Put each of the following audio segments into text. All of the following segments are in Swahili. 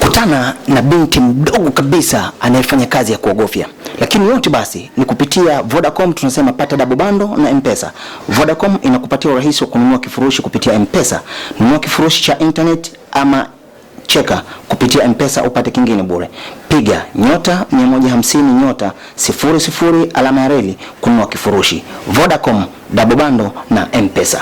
Kutana na binti mdogo kabisa anayefanya kazi ya kuogofya, lakini yote basi ni kupitia Vodacom. Tunasema pata double bundle na M-Pesa. Vodacom inakupatia urahisi wa kununua kifurushi kupitia M-Pesa. Nunua kifurushi cha internet ama cheka kupitia M-Pesa upate kingine bure piga nyota 150 nyota sifuri sifuri alama ya reli kununua kifurushi. Vodacom, dabo bando na Mpesa.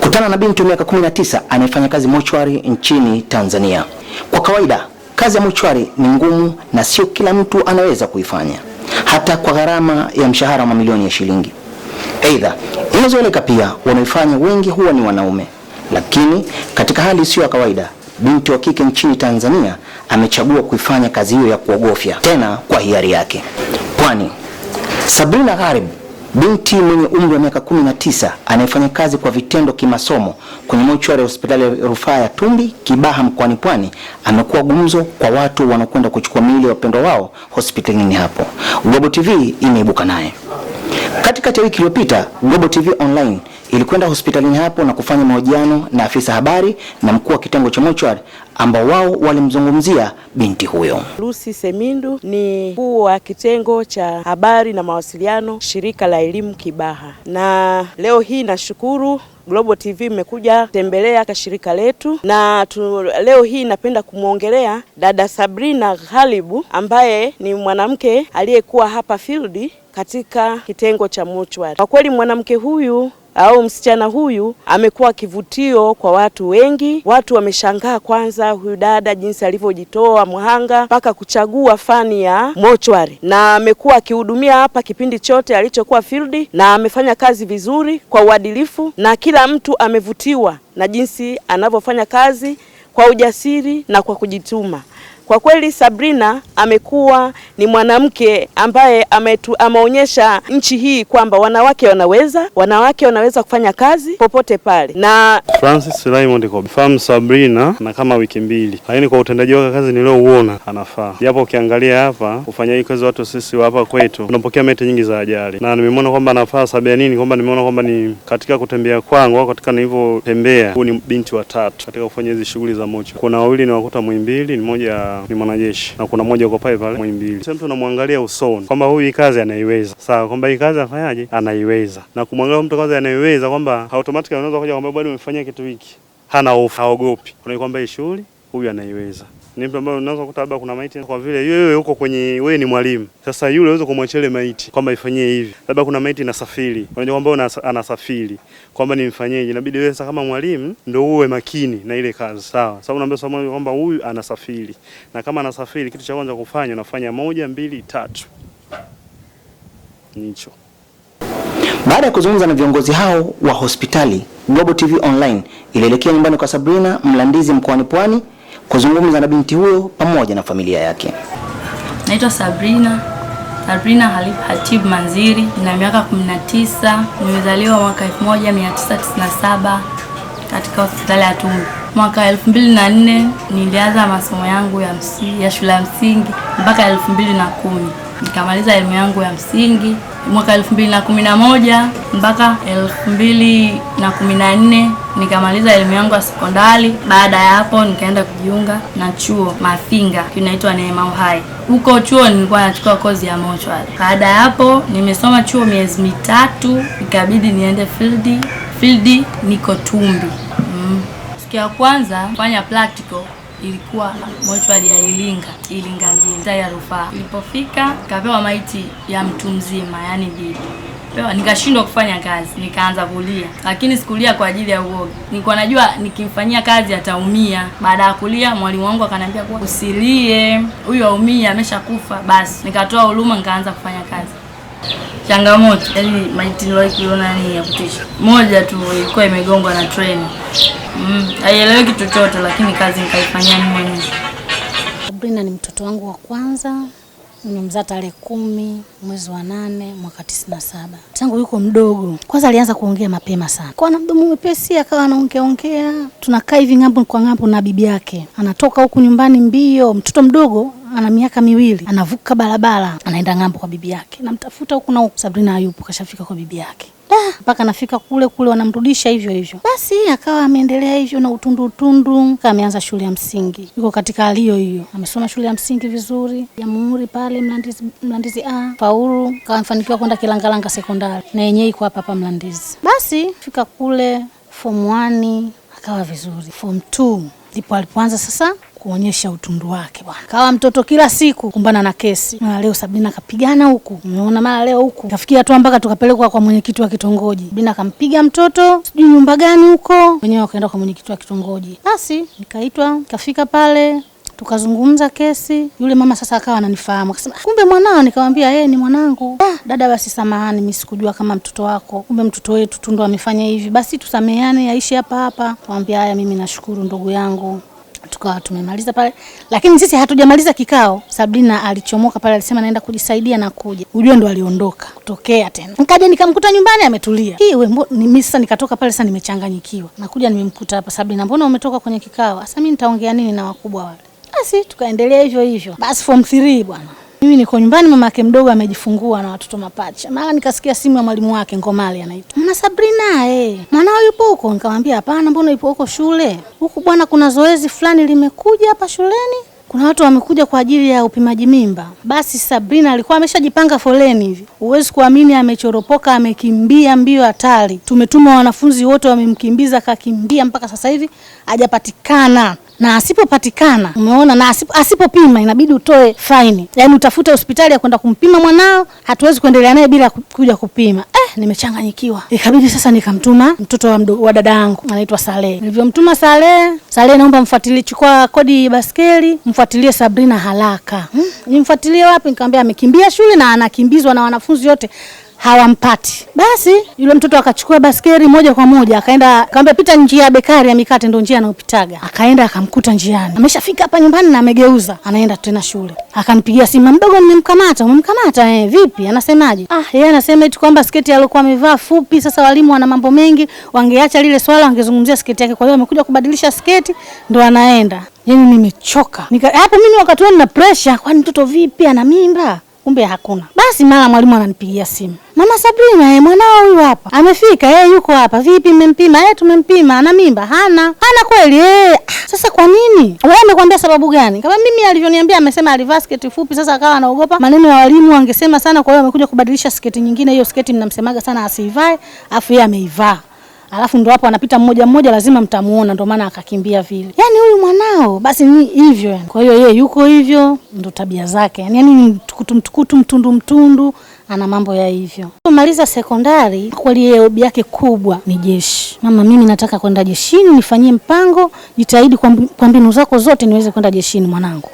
Kutana na binti wa miaka 19 anayefanya kazi mochwari nchini Tanzania. Kwa kawaida kazi ya mochwari ni ngumu na sio kila mtu anaweza kuifanya hata kwa gharama ya mshahara wa mamilioni ya shilingi. Aidha, inazoeleka pia wanaoifanya wengi huwa ni wanaume, lakini katika hali isiyo ya kawaida binti wa kike nchini Tanzania amechagua kuifanya kazi hiyo ya kuogofya tena kwa hiari yake, kwani Sabrina Gharib binti mwenye umri wa miaka 19 anayefanya kazi kwa vitendo kimasomo kwenye mochwari ya hospitali ya rufaa ya Tumbi Kibaha mkoani Pwani amekuwa gumzo kwa watu wanaokwenda kuchukua miili ya wapendwa wao hospitalini hapo. Global TV imeibuka naye katikati ya wiki iliyopita. Global TV online ilikwenda hospitalini hapo na kufanya mahojiano na afisa habari na mkuu wa kitengo cha mochwari ambao wao walimzungumzia binti huyo. Lucy Semindu ni mkuu wa kitengo cha habari na mawasiliano, shirika la elimu Kibaha, na leo hii nashukuru Global TV imekuja tembelea ka shirika letu na tu, leo hii napenda kumwongelea dada Sabrina Ghalibu ambaye ni mwanamke aliyekuwa hapa field katika kitengo cha mutual. Kwa kweli mwanamke huyu au msichana huyu amekuwa kivutio kwa watu wengi. Watu wameshangaa kwanza, huyu dada jinsi alivyojitoa mhanga mpaka kuchagua fani ya mochwari, na amekuwa akihudumia hapa kipindi chote alichokuwa field, na amefanya kazi vizuri kwa uadilifu, na kila mtu amevutiwa na jinsi anavyofanya kazi kwa ujasiri na kwa kujituma. Kwa kweli Sabrina amekuwa ni mwanamke ambaye ameonyesha nchi hii kwamba wanawake wanaweza, wanawake wanaweza kufanya kazi popote pale. na Francis Raymond Kobifahamu Sabrina na kama wiki mbili, lakini kwa utendaji wake kazi niliouona anafaa, japo ukiangalia hapa ufanyaji kazi watu sisi hapa kwetu tunapokea mete nyingi za ajali, na nimeona kwamba anafaa nini? kwamba nimeona kwamba ni katika kutembea kwangu au katika nilivyotembea, huu ni binti wa tatu katika kufanya hizi shughuli za mocho. Kuna wawili ni wakuta Mwimbili, ni moja ni mwanajeshi na kuna mmoja uko pale pale Muhimbili. Sasa mtu unamwangalia usoni kwamba huyu kazi anaiweza, sawa, kwamba hii kazi anafanyaje, anaiweza, na kumwangalia mtu kwanza anaiweza, kwamba automatically unaweza kuja kwamba bado umefanya kitu hiki, hana hofu, haogopi, Kuna kwamba hii shughuli huyu anaiweza ni mtu ambaye unaweza kukuta labda kuna maiti, kwa vile yeye yuko kwenye, wewe ni mwalimu sasa, yule unaweza kumwachia ile maiti kwamba ifanyie hivi, labda kuna maiti inasafiri, unajua kwamba anasafiri kwamba nimfanyeje, inabidi wewe sasa kama mwalimu ndio uwe makini na ile kazi, sawa? Sababu unaambia sasa kwamba huyu anasafiri, na kama anasafiri, kitu cha kwanza kufanya unafanya moja, mbili, tatu, nicho baada ya kuzungumza na viongozi hao wa hospitali, Global TV Online ilielekea nyumbani kwa Sabrina Mlandizi mkoani Pwani kuzungumza na binti huyo pamoja na familia yake. Naitwa Sabrina Sabrina Halif Hatib Manziri, nina miaka 19, nimezaliwa mwaka 1997 katika hospitali ya Tumbo. Mwaka 2004 nilianza masomo yangu ya, ya shule ya msingi mpaka 2010 nikamaliza elimu yangu ya msingi mwaka 2011 mpaka 2014 nikamaliza elimu yangu ya sekondari. Baada ya hapo, nikaenda kujiunga na chuo Mafinga kinaitwa Neema Uhai. Huko chuo nilikuwa nachukua kozi ya mochwari. Baada ya hapo, nimesoma chuo miezi mitatu, ikabidi niende field. Field niko Tumbi. Mm. Siku ya kwanza fanya practical ilikuwa mochwari ya Ilinga, Ilinga hospitali ya rufaa. Nilipofika kapewa maiti ya mtu mzima, yani bibi pewa, nikashindwa kufanya kazi, nikaanza kulia, lakini sikulia kwa ajili ya uoga. Nilikuwa najua nikimfanyia kazi ataumia. Baada ya kulia, mwalimu wangu akaniambia kuwa usilie, huyu aumia, ameshakufa. Basi nikatoa huruma, nikaanza kufanya kazi. Changamoto yani maiti nilowahi kuiona ni ya kutisha. Moja tu ilikuwa imegongwa na treni, mm, haieleweki mm, chochote, lakini kazi nikaifanyia mimi mwenyewe na ni mtoto wangu wa kwanza, nimemzaa tarehe kumi mwezi wa nane mwaka tisini na saba. Tangu yuko mdogo, kwanza alianza kuongea mapema sana, kwa na mdomo mwepesi, akawa anaongeaongea, tunakaa hivi ng'ambo kwa ng'ambo na bibi yake, anatoka huku nyumbani mbio, mtoto mdogo ana miaka miwili, anavuka barabara anaenda ng'ambo kwa bibi yake, namtafuta huku na huku, Sabrina hayupo, kashafika kwa bibi yake mpaka anafika kule kule, wanamrudisha hivyo hivyo. Basi akawa ameendelea hivyo na utundu utundu, ameanza shule ya msingi, yuko katika hali hiyo hiyo, amesoma shule ya msingi vizuri, Jamhuri pale Mlandizi, Mlandizi a faulu, kamefanikiwa kwenda Kilangalanga sekondari na yenyewe iko hapa hapa Mlandizi. Basi fika kule form 1 akawa vizuri, form 2 ndipo alipoanza sasa kuonyesha utundu wake bwana. Kawa mtoto kila siku kumbana na kesi, mara leo Sabina kapigana huku, umeona, mara leo huku, kafikia tu mpaka tukapelekwa kwa mwenyekiti wa kitongoji. Sabina kampiga mtoto sijui nyumba gani huko, wenyewe wakaenda kwa mwenyekiti wa kitongoji. Basi nikaitwa nikafika pale tukazungumza kesi. Yule mama sasa akawa ananifahamu, akasema ah, kumbe mwanao. Nikamwambia yeye eh, ni mwanangu. Ah, dada, basi samahani, mi sikujua kama mtoto wako, kumbe mtoto wetu tu ndo amefanya hivi, basi tusameheane, aishi hapa hapa. Kaambia haya, mimi nashukuru ndugu yangu tukawa tumemaliza pale, lakini sisi hatujamaliza kikao. Sabrina alichomoka pale, alisema naenda kujisaidia na kuja, ujue ndo aliondoka kutokea tena. Nikaja nikamkuta nyumbani ametulia, hii wewe mimi. Sasa nikatoka pale, sasa nimechanganyikiwa, nakuja nimemkuta hapa. Sabrina, mbona umetoka kwenye kikao? Sasa mimi nitaongea nini na wakubwa wale? Basi tukaendelea hivyo hivyo, basi form 3 bwana mimi niko nyumbani, mama yake mdogo amejifungua na watoto mapacha. Mara nikasikia simu ya mwalimu wake Ngomali anaitwa. Mwana Sabrina eh, mwanao yupo huko? Nikamwambia hapana, mbona yupo huko shule? Huku bwana, kuna zoezi fulani limekuja hapa shuleni kuna watu wamekuja kwa ajili ya upimaji mimba. Basi Sabrina alikuwa ameshajipanga foleni hivi, huwezi kuamini, amechoropoka, amekimbia mbio hatari. Tumetuma wanafunzi wote, wamemkimbiza, kakimbia mpaka sasa hivi hajapatikana na asipopatikana, umeona, na asipopima inabidi utoe faini, yaani utafute hospitali ya kwenda kumpima mwanao, hatuwezi kuendelea naye bila kuja kupima. Eh, nimechanganyikiwa, ikabidi sasa nikamtuma mtoto wa, wa dada yangu anaitwa Salehe. Nilivyomtuma Salehe, Salehe naomba mfuatilie, chukua kodi baskeli, mfuatilie Sabrina haraka. Hmm, nimfuatilie wapi? Nikamwambia amekimbia shule na anakimbizwa na wanafunzi wote hawampati. Basi yule mtoto akachukua baskeli moja kwa moja akaenda, akamwambia pita njia ya bekari ya mikate, ndo njia anayopitaga. Akaenda akamkuta njiani, ameshafika hapa nyumbani na amegeuza, anaenda tena shule. Akanipigia simu, mdogo nimemkamata. Umemkamata eh? Vipi, anasemaje? Ah, yeye anasema eti kwamba sketi aliyokuwa amevaa fupi. Sasa walimu wana mambo mengi, wangeacha lile swala, wangezungumzia sketi yake. Kwa hiyo amekuja kubadilisha sketi, ndo anaenda. Yani nimechoka hapo mimi, wakati huo nina pressure, kwani mtoto vipi, ana mimba? kumbe hakuna. Basi mara mwalimu ananipigia simu, mama Sabrina, eh, mwanao huyu hapa amefika, eh, yuko hapa. Vipi, mmempima? Eh, tumempima, ana mimba? Hana, hana kweli. Eh, ah, sasa kwa nini wewe umekwambia? Sababu gani? Kama mimi alivyoniambia, amesema alivaa sketi fupi. Sasa akawa anaogopa maneno ya walimu, angesema sana. Kwa hiyo amekuja kubadilisha sketi nyingine. Hiyo sketi mnamsemaga sana asiivae, afu yeye ameivaa alafu ndo hapo anapita mmoja mmoja, lazima mtamuona, ndo maana akakimbia vile. Yani huyu mwanao basi ni hivyo Kwa hiyo yeye yuko hivyo, ndo tabia zake yani, yani mtukutu mtukutu, mtundu mtundu, ana mambo ya hivyo. Maliza sekondari, kweli yeye hobi yake kubwa ni jeshi. Mama, mimi nataka kwenda jeshini, nifanyie mpango, jitahidi kwa mbinu zako zote niweze kwenda jeshini mwanangu.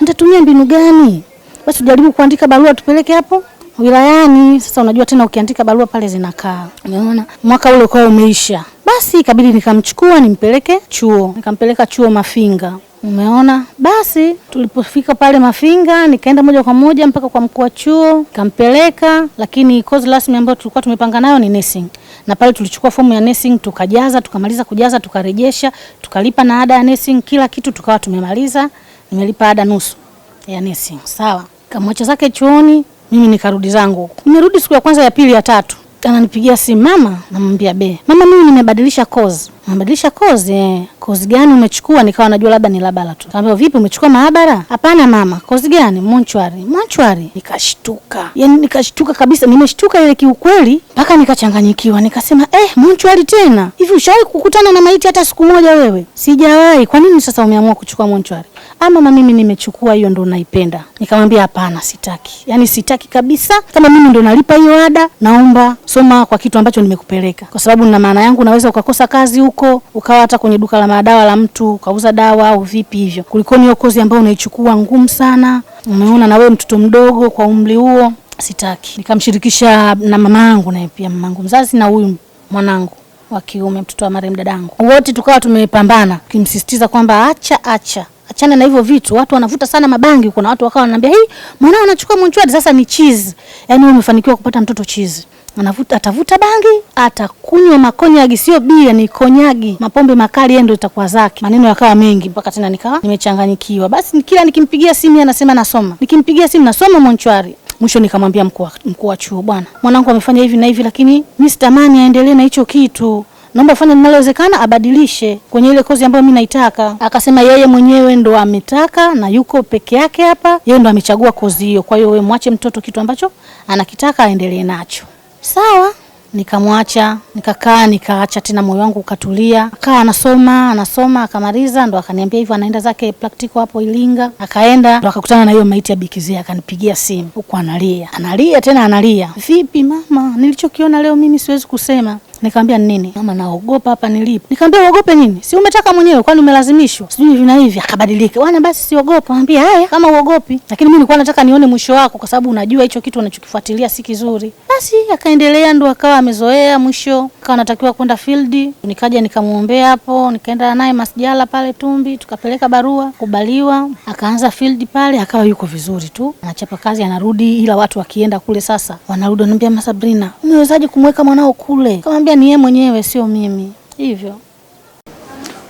Nitatumia mbinu gani? Basi ujaribu kuandika barua tupeleke hapo wilayani. Sasa unajua tena ukiandika barua pale zinakaa, umeona mwaka ule kwa umeisha, basi ikabidi nikamchukua nimpeleke chuo, nikampeleka chuo Mafinga. Umeona, basi tulipofika pale Mafinga nikaenda moja kwa moja mpaka kwa mkuu wa chuo nikampeleka, lakini kozi rasmi ambayo tulikuwa tumepanga nayo ni nursing, na pale tulichukua fomu ya nursing tukajaza, tukamaliza kujaza, tukarejesha, tukalipa na ada ya nursing, kila kitu tukawa tumemaliza. Nimelipa ada nusu ya nursing, sawa. Kamwacha zake chuoni, mimi nikarudi zangu huko. Nimerudi siku ya kwanza, ya pili, ya tatu ananipigia simu mama, namwambia be, mama, mimi nimebadilisha kozi. Nimebadilisha kozi eh. Kozi gani umechukua? Nikawa najua labda ni labara tu. Kaambia vipi, umechukua maabara? Hapana mama. Kozi gani? Monchwari. Monchwari. Nikashtuka, yaani nikashtuka kabisa, nimeshtuka ile kiukweli, mpaka nikachanganyikiwa, nikasema eh, monchwari tena hivi? Ushawahi kukutana na maiti hata siku moja wewe? Sijawahi. Kwa nini sasa umeamua kuchukua monchwari? mama, mimi nimechukua hiyo ndo naipenda. Nikamwambia hapana, sitaki, yaani sitaki kabisa. Kama mimi ndo nalipa hiyo ada, naomba soma kwa kitu ambacho nimekupeleka, kwa sababu na maana yangu naweza ukakosa kazi huko, ukawa hata kwenye duka la madawa la mtu ukauza dawa au vipi hivyo, kulikoni hiyo kozi ambayo unaichukua ngumu sana. Umeona na wewe mtoto mdogo kwa umri huo, sitaki. Nikamshirikisha na mama yangu naye pia, mama yangu mzazi na huyu mwanangu wa kiume mtoto wa marehemu dadangu, wote tukawa tumepambana, kimsisitiza kwamba acha acha achana na hivyo vitu, watu wanavuta sana mabangi. Kuna watu wakawa wananiambia hii mwanao anachukua mchwari, sasa ni chizi. Yani wewe umefanikiwa kupata mtoto chizi, anavuta atavuta bangi, atakunywa makonyagi, sio bia, ni konyagi, mapombe makali, yeye ndio itakuwa zake. Maneno yakawa mengi mpaka tena nikawa nimechanganyikiwa. Basi kila nikimpigia simu anasema nasoma, nikimpigia simu nasoma mchwari Mwisho nikamwambia mkuu wa chuo, bwana, mwanangu amefanya hivi na hivi, lakini mimi sitamani aendelee na hicho kitu naomba afanye linalowezekana abadilishe kwenye ile kozi ambayo mimi naitaka. Akasema yeye mwenyewe ndo ametaka na yuko peke yake hapa, yeye ndo amechagua kozi hiyo, kwa hiyo wewe mwache mtoto kitu ambacho anakitaka aendelee nacho. Sawa, nikamwacha nikakaa, nikaacha tena, moyo wangu ukatulia. Akaa anasoma anasoma, akamaliza ndo akaniambia hivyo anaenda zake praktiko hapo Ilinga. Akaenda ndo akakutana na hiyo maiti ya Bikizia, akanipigia simu huku analia analia tena analia, vipi mama, nilichokiona leo mimi siwezi kusema Nikamwambia nini? Mama naogopa hapa nilipo. Nikamwambia uogope nini? Si umetaka mwenyewe kwani umelazimishwa? Sijui hivi na hivi akabadilika. bwana, basi siogopa. Mwambie haya kama uogopi. Lakini mimi nilikuwa nataka nione mwisho wako kwa sababu unajua hicho kitu unachokifuatilia si kizuri. Basi akaendelea ndo akawa amezoea mwisho. Akawa anatakiwa kwenda field. Nikaja nikamwombea hapo, nikaenda naye masjala pale Tumbi, tukapeleka barua, kubaliwa. Akaanza field pale, akawa yuko vizuri tu. Anachapa kazi anarudi ila watu wakienda kule sasa wanarudi wananiambia Masabrina, umewezaje kumweka mwanao kule? Kamwambia shida ni yeye mwenyewe, sio mimi. Hivyo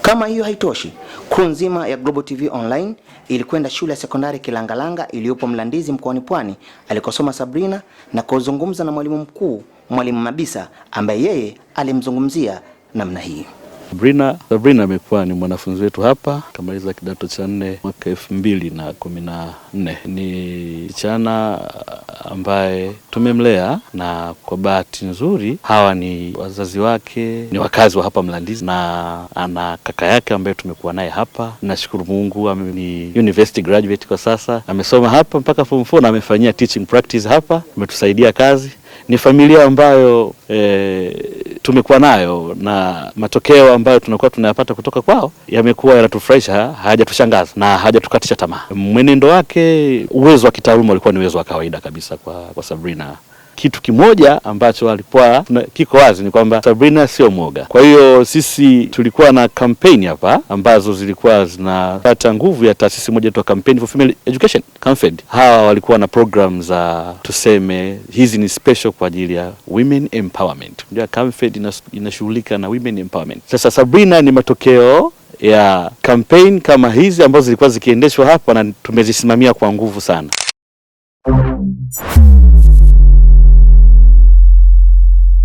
kama hiyo haitoshi, kuu nzima ya Global TV Online ilikwenda shule ya sekondari Kilangalanga iliyopo Mlandizi mkoani Pwani alikosoma Sabrina na kuzungumza na mwalimu mkuu Mwalimu Mabisa ambaye yeye alimzungumzia namna hii. Sabrina. Sabrina amekuwa ni mwanafunzi wetu hapa, kamaliza kidato cha nne mwaka elfu mbili na kumi na nne. Ni chana ambaye tumemlea na kwa bahati nzuri hawa ni wazazi wake ni wakazi wa hapa Mlandizi na ana kaka yake ambaye tumekuwa naye hapa. Nashukuru Mungu ni university graduate kwa sasa, amesoma hapa mpaka form 4 na amefanyia teaching practice hapa, ametusaidia kazi. Ni familia ambayo eh, tumekuwa nayo na matokeo ambayo tunakuwa tunayapata kutoka kwao yamekuwa yanatufurahisha, hayajatushangaza na hajatukatisha tamaa. Mwenendo wake, uwezo wa kitaaluma ulikuwa ni uwezo wa kawaida kabisa kwa, kwa Sabrina kitu kimoja ambacho alikuwa kiko wazi ni kwamba Sabrina sio mwoga. Kwa hiyo sisi tulikuwa na kampeni hapa ambazo zilikuwa zinapata nguvu ya taasisi moja tu, Campaign for Female Education Camfed. Hawa walikuwa na program za uh, tuseme hizi ni special kwa ajili ya women empowerment. Unajua Camfed inashughulika na women empowerment. Sasa Sabrina ni matokeo ya kampeni kama hizi ambazo zilikuwa zikiendeshwa hapa na tumezisimamia kwa nguvu sana.